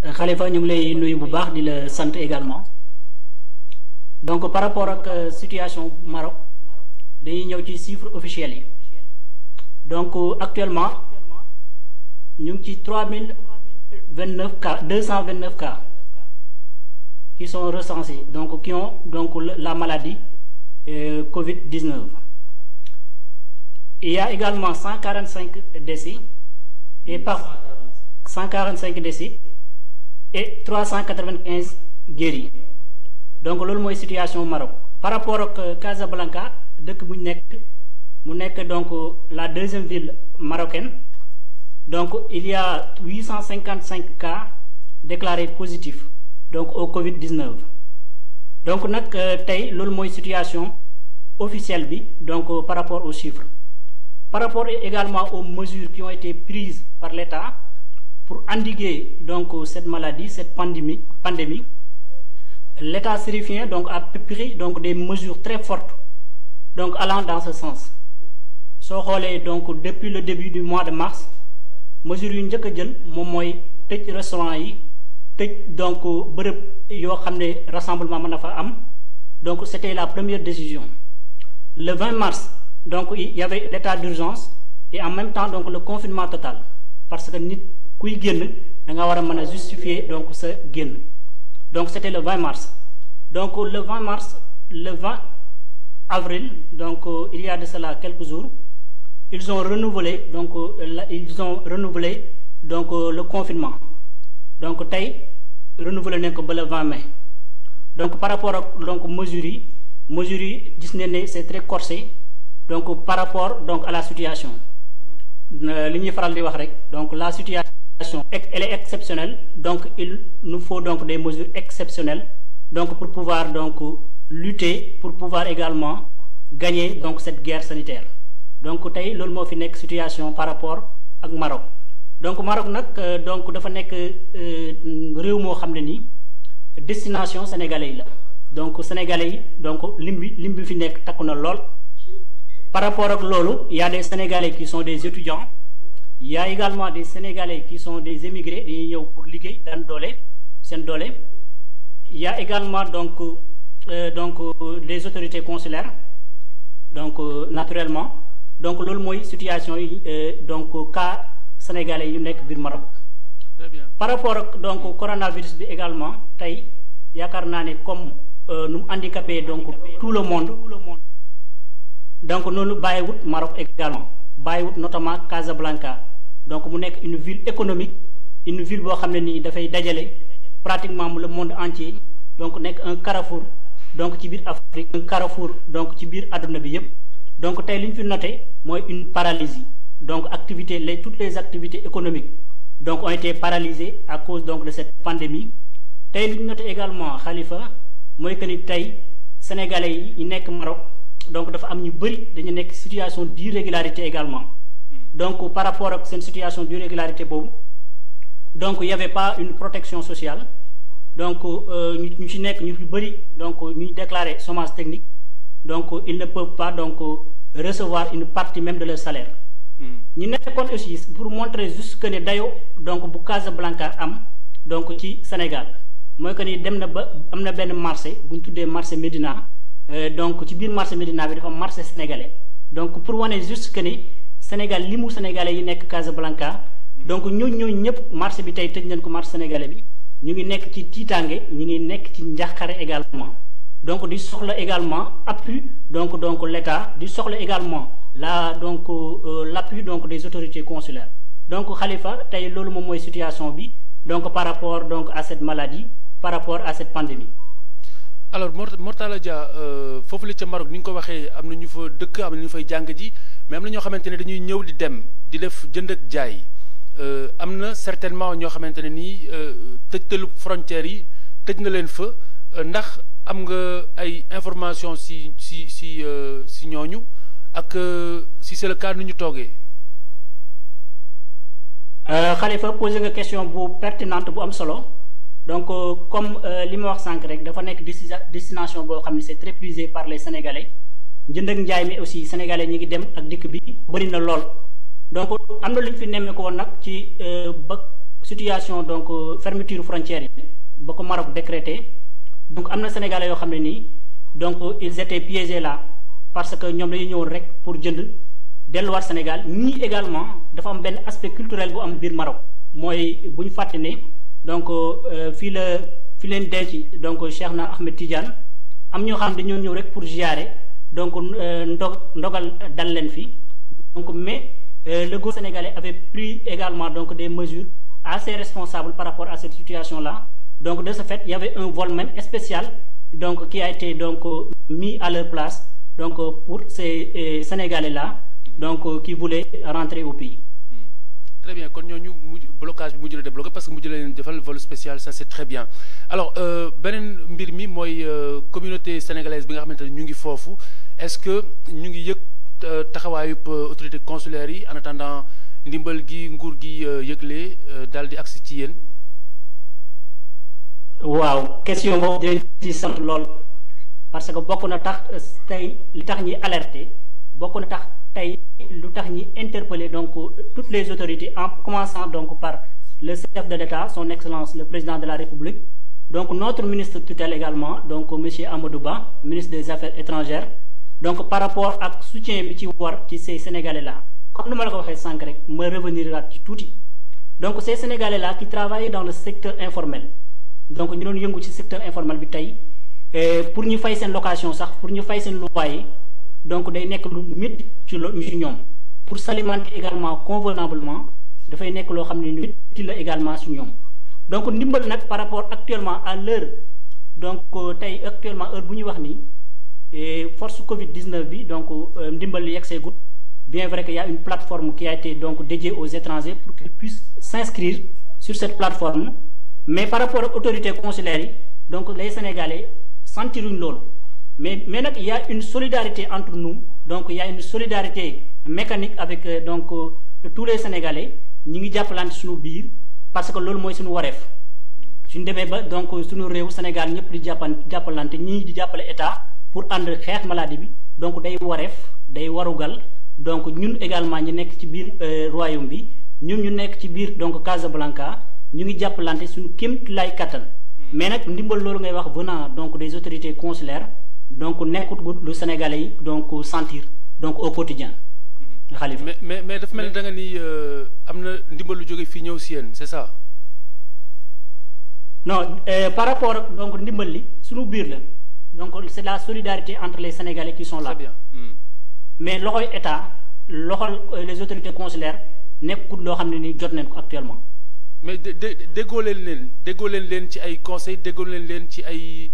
Khalifa ñu ngi lay nuyu bu baax di la sant également donc par rapport ak euh, situation Maroc dañuy ñëw ci chiffres officiels yi donc euh, actuellement ñu ngi ci trois mille vingt neuf cas deux cent vingt neuf cas qui sont recensés donc qui ont donc la maladie euh, Covid dix neuf. il y également cent quarante cinq décès et par cent quarante cinq décès et 395 guéris donc loolu mooy situation Maroc par rapport ak euh, Casablanca dëkk bu ñu nekk mu nekk donc euh, la deuxième ville marocaine donc il y a 855 cas déclaré positifs donc au Covid-19 donc nag euh, tey loolu mooy situation officielle bi donc par rapport aux chiffres par rapport également aux mesures qui ont été prises par l'État pour endiguer donc cette maladie, cette pandémie, pandémie l'État syrien donc a pris donc des mesures très forte donc allant dans ce sens. soo xoolee donc depuis le début du mois de mars mesures yu njëkk a jël moom mooy tëj restaurant yi tëj donc bërëb yoo xam ne rassemblement mën na fa am donc c'était la première décision le 20 mars donc il y avait l'état d'urgence et en même temps donc le confinement total parce que nit kuy génn da nga war a mën a justifier donc sa génn donc c'était le 20 mars donc le 20 mars le 20 avril donc euh, il y a de cela quelques jours ils ont renouvelé donc euh, ils ont renouvelé donc euh, le confinement donc tey renouvelé nañ ko ba le 20 mai donc par rapport ak donc mesures yi yi gis nañ ne c'est très corsé donc par rapport donc à la situation li ñuy faral di wax rek donc la situation situation, elle donc il nous faut donc des mesures exceptionnelles donc pour pouvoir donc lutter, pour pouvoir également gagner donc cette guerre sanitaire. Donc tey loolu moo fi nekk situation par rapport ak Maroc donc Maroc nag euh, donc dafa nekk euh, réew moo xam ne ni destination sénégalais yi la donc sénégalais yi donc lim bi lim bi fi nekk takku na lool par rapport ak loolu y a des sénégalais qui sont des étudiants yaa y également des Sénégalais qui son des émigrés dañuy ñëw pour liggéey daan doole seen doole yaa également donc euh, donc euh, des autorités consulaires donc euh, naturellement donc loolu mooy situation yi euh, donc cas sénégalais yu nekk biir Maroc. Très par rapport ak donc coronavirus bi également tey yaakaar naa ne comme nu mu handicapé donc tout le monde donc noonu bàyyiwut Maroc également bàyyiwut notamment Casablanca. donc mu nekk une ville économique une ville boo xam ne nii dafay dajale pratiquement la monde entier donc nekk un carrefour donc ci biir Afrique un carrefour donc ci biir àdduna bi yépp donc tey li ñu fi noté mooy une paralysie donc activité les toutes les activités économiques donc ont été paralysées à cause donc de cette pandémie tey li ñu noté également xalifa mooy que ni tey sénégalais yi ñu nekk Maroc donc dafa am ñu bëri dañu nekk situation d'irrégularité également donc par rapport ak seen situation d'irrégularité boobu donc il pas une protection sociale donc euh, ñu ñu ci nekk ñu fi bëri donc ñu déclaré chômage technique donc ils ne peuvent pas donc recevoir une partie même de leur salaire. Hmm. ñu nekkoon aussi pour montrer juste que ne dayoo donc bu Casablanca am donc ci Sénégal mooy que ni dem na ba am na benn marché bu ñu tuddee marché Médina euh, donc ci biir marché Médina bi dafa marché sénégalais donc pour wane juste que Sénégal li mu yi nekk Casablanca. Mm-hmm. donc ñooñu ñooñu ñëpp marché bi tey tëj nañ ko marché sénégalais bi ñu ngi nekk ci tiitaange ñu ngi nekk ci njàqare également. donc di soxla également appui donc donc l' état di soxla également la donc euh, l' appui donc des autorités consulaires donc xalifa tey loolu moom mooy situation bi donc par rapport donc à cette maladie par rapport à cette pandémie. alors Mortala Dia euh, foofu la ca Maroc ni nga ko waxee am na ñu fa dëkk am na ñu fay jàng ji. mais am na ñoo xamante ne dañuy ñëw di dem di def jënd ak jaay euh, am na certainement ñoo xamante ne nii euh, tëjtalu frontières yi tëj na leen fa euh, ndax am nga ay information si si si si ñooñu ak si c'est le cas nu ñu toogee. Khalifa posé nga question bu pertinente bu am solo. donc comme li ma wax sànq rek dafa nekk destination boo xam ne c'est très par les Sénégalais jënd ak njaay mi aussi sénégalais ñi ngi dem ak dikk bi bëri na lool donc am na lu ñu fi nemmee ko woon nag ci euh, ba situation donc euh, fermeture frontière yi ba ko Maroc décrété donc am na sénégalais yoo xam ne nii donc euh, ils étaient piégés la parce que ñoom dañu ñëwoon rek pour jënd delluwaat Sénégal ñii également dafa am benn aspect culturel bu am biir Maroc mooy bu ñu fàtte ne donc fii la fii leen denc donc Cheikh na Ahmed Tidiane am ñoo xam dañoo ñëw rek pour ziyaare donc euh, ndog ndogal euh, dal leen fi donc mais euh, le gouvernement sénégalais avait pris également donc des mesures assez responsables par rapport à cette situation là donc de ce fait y avait un vol même spécial donc qui a été donc mis à leur place donc pour ces sénégalais là donc qui voulaient rentrer au pays très bien kon ñooñu mujj blocage bi mujj na débloqué parce que mujj na leen defal vol spécial ça c'est très bien alors euh, beneen mbir mi mooy euh, communauté sénégalaise bi nga xamante ne ñu ngi foofu est-ce que ñu ngi yëg euh, taxawaayu autorité consulaire yi en tendant ndimbal gi nguur gi yëgle daal di agsi ci yéen. waaw question boobu dinañ sant lool parce que bokk na tax tey li tax ñi alerte bokk na tax tey. tax ñi interpeller donc euh, toutes les autorités en commençant donc par le chef de l'État son excellence le président de la République donc notre ministre tutelle également donc monsieur Amadou Ba ministre des affaires étrangères donc par rapport ak soutien bi ci war ci ces sénégalais là comme ni ma la ko waxee sànq rek ma revenir laat ci tuuti donc ces sénégalais la qui travaillent dans le secteur informel donc ñu doon yëngu ci secteur informel bi tey pour ñu fay seen location sax pour ñu fay seen loyer donc day nekk lu ci lo ci ñoom. pour s'alimenter également convenablement dafay nekk loo xam ne lu utile la également su ñoom donc ndimbal nag par rapport actuellement à l'heure donc euh, tey actuellement heure bu ñuy wax nii force Covid 19 bi donc euh, ndimbal li yegsee gut bien vrai que y une plateforme ki a été donc dédiée aux étrangers pour qu'ils puissent s'inscrire sur cette plateforme mais par rapport ak autorités consulaires yi donc les sénégalais sentiruñ loolu. Mais, mais nag yaa une solidarité entre nous, donc il y une solidarité mécanique avec euh, donc, euh, tous les Sénégalais. ngi jàppalante sur biir parce que loolu mooy suñu waref. suñu demee ba donc suñu réew Sénégal ñëpp di jàppan jàppalante ñii di jàppale état pour ànd xeex maladie bi donc day wareef day warugal donc ñun également ñi nekk ci biir euh, royaume bi ñun ñu nekk ci biir donc Casablanca ñu ngi jàppalante suñu kéem lay kattan. Hmm. mais nag ndimbal loolu ngay wax venant donc des autorités consulaires. donc nekkut lu Sénégalais yi donc sentir donc au quotidien. xalifa mm-hmm. mais mais mais dafa mel ni da nga ni euh, am na ndimbal lu jóge fii ñëw si yéen c'est ça. non euh, par rapport donc ndimbal li suñu biir la donc c'est la solidarité entre les sénégalais qui sont là. très bien mm. mais loxoy état loxol euh, les autorités consulaires nekkul loo xam ne ni jot nañ ko actuellement. mais dé déggoo leen leen déggoo leen leen ci ay conseil déggoo leen leen ci ay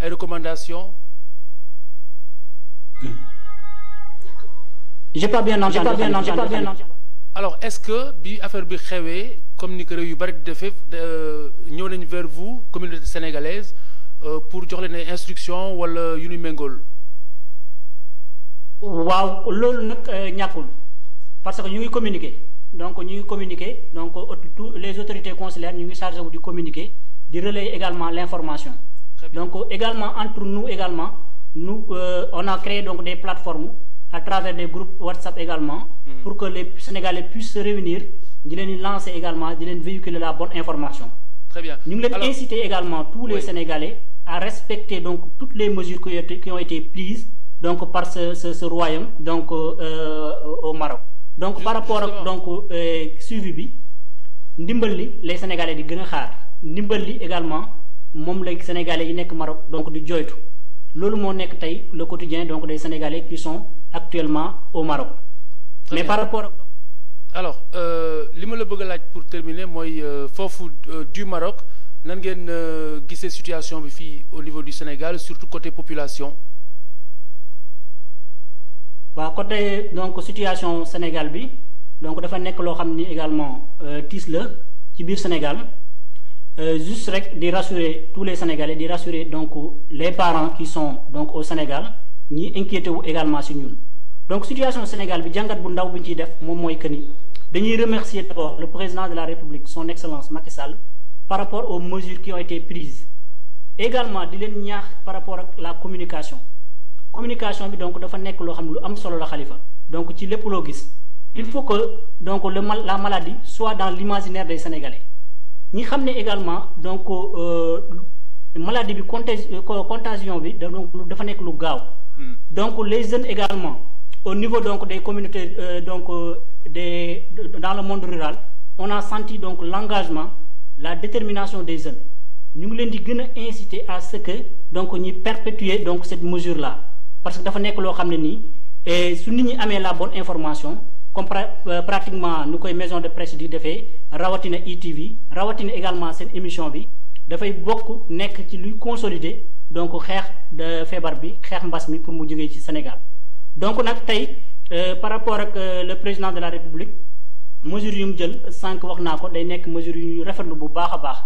ay j'ai pas bien entendu. pas bien entendu. est-ce que bi affaire bi xewee comme ni ko réew yu bari di defee euh, ñëw nañu vers vous communauté sénégalaise euh, pour jox leen ay instructions wala yu ñu méngool. waaw loolu nag euh, ñàkkul parce que ñu ngi communiqué donc ñu ngi communiqué donc tous les autorités consulaires ñu ngi chargé wu di communiqué di relayer également l'information. donc également entre nous également. nou euh, on a créé donc des plateformes à travers des groupes WhatsApp également, mm. pour que les Sénégalais puissent se réunir, de les lancer également, di leen véhiculer la bonne information. Très bien. Nous les Alors, inciter également tous les oui. à respecter donc toutes les mesures qui ont été, qui donc par ce, ce, royaume donc euh, euh, au Maroc. Donc par rapport ak donc euh, suivi bi ndimbal li les Sénégalais di gën a xaar ndimbal li également moom la Sénégalais yi nekk Maroc donc di joytu loolu moo nekk tey le quotidien donc des sénégalais qui sont actuellement au Maroc. mais par rapport ak. alors euh, li ma la bëgg a laaj pour terminer mooy euh, foofu euh, du Maroc nan ngeen gisee situation bi fii au niveau du Sénégal surtout côté population. waa côté donc situation Sénégal bi donc dafa nekk loo xam ni également tiis la ci biir Sénégal. Euh, juste rek di rassurer tous les Sénégalais di rassurer donc les parents qui son donc au Sénégal ñi inquiété wu également si ñun donc situation Sénégal bi jàngat bu ndaw bu ñu ciy def moom mooy que ni dañuy remercier d'abord le président de la République son excellence Macky Sall par rapport au mesures qui ont été prises également di leen ñaax par rapport ak la communication communication bi donc dafa nekk loo xam lu am solo la xalifa donc ci lépp loo gis il faut que donc le mal la maladie soit dans l'imaginaire des Sénégalais ñi xam ne également donc euh, maladie bi contagi euh, contagion bi da donc dafa nekk lu gaaw. Hmm. donc les jeunes également au niveau donc des communautés euh, donc de dans le monde rural on a senti donc l'engagement la détermination des jeunes ñu ngi leen di gën a inciter à ce que donc ñi perpétuer donc cette mesure la parce que dafa nekk loo xam ne nii su nit ñi amee la bonne information. comme euh, pratiquement nu koy maison de presse di defee rawatina ITV e rawatina également seen émission bi dafay bokk nekk ci luy consolider donc xeex de euh, feebar bi xeex mbas mi pour mu jógee ci Sénégal donc nag tey euh, par rapport ak le président de la République mesure yu mu jël sànq wax naa ko day nekk mesure yu ñu rafetlu bu baax a baax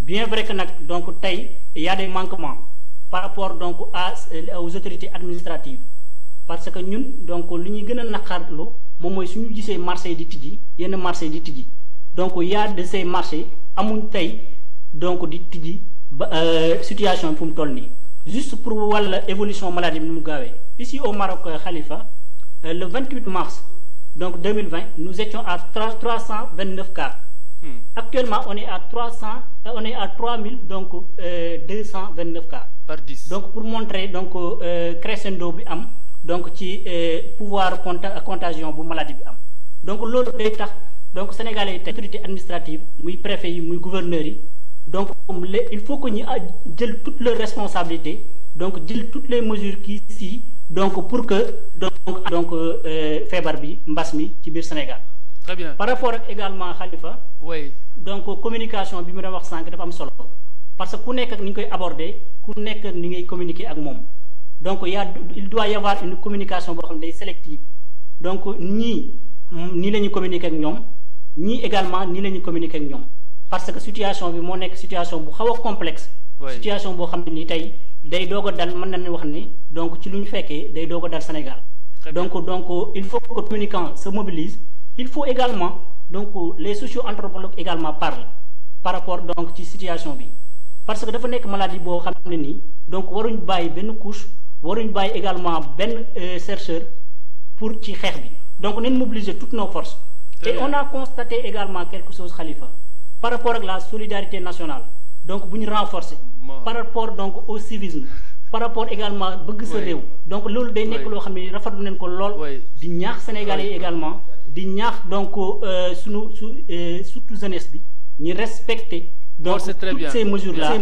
bien vrai que nag donc tey y a des par rapport donc à aux autorités parce que ñun donc li ñuy gën a naqarlu moom mooy suñu gisee marché di tijji yenn marché di tijji donc y de ces marchés amuñ tey donc di tijji ba euh, situation bi fu mu toll nii juste pour walla évolution maladie bi ni mu gaawee ici au Maroc euh, Khalifa euh, le 28 mars donc 2020 nous étions à trois trois cent vingt neuf cas. Hmm. actuellement on est à trois cent on à trois mille donc deux cent vingt neuf cas. par dix donc pour montrer donc crescendo bi am. donc ci euh, pouvoir conta contagion bu maladie bi am donc loolu day tax donc sénégalais yi tey autorité administrative muy préfet yi muy gouverneurs yi donc il faut que ñu euh, jël toutes les responsabilités donc jël toutes les mesure qui si donc pour que donc donc euh, feebar bi mbas mi ci biir Sénégal. bien par rapport ak également Khalifa. oui donc communication bi mu doon wax sànq dafa am solo parce que ku nekk ni ñu koy aborder ku nekk ni ngay communiquer ak moom. donc y a il doit y avoir communication boo xam ne day sélective donc ñii nii la ñuy communiquer ak ñoom ñii également nii la ñuy communiquer ak ñoom parce que situation bi moo nekk situation bu xaw a complexe. situation boo xam ne nii tey day doog a dal mën nañu wax ni donc ci lu ñu fekkee day doog a dal Sénégal. donc donc il faut que communicants mobilise il faut également donc les socio-anthropologues également parlent par rapport donc ci situation bi parce que dafa nekk maladie boo xam ne nii donc waruñ bàyyi benn couche. war waruñ bàyyi également benn euh, chercheur pour ci xeex bi donc nañ mobiliser toutes no forces et on a constaté également quelque chose xalifa par rapport ak la solidarité nationale donc bu ñu renforcer par rapport donc au civisme par rapport également bëgg sa réew donc loolu day nekk loo xam ne rafetlu nañ ko lool di ñaax sénégal yi également di ñaax donc euh, sunu su euh, surtout jeunesse bi ñu respecté Donc, c'est très bien. Ces mesures-là,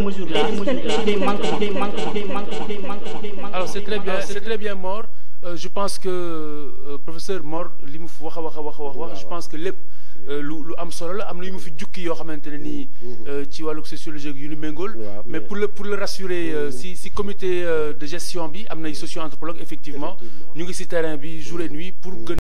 ces mort. Euh, je pense que euh, professeur Mor li mu fi wax a wax a wax a wax je pense que lépp euh, lu am solo la am na mu fi jukki yoo xamante ne nii mm-hmm. Mm-hmm. ci wàllu sociologie yu ñu méngool mais pour le pour le rassurer mm-hmm. si si comité de gestion bi am nay socio anthropologue effectivement ñu si terrain bi jour et nuit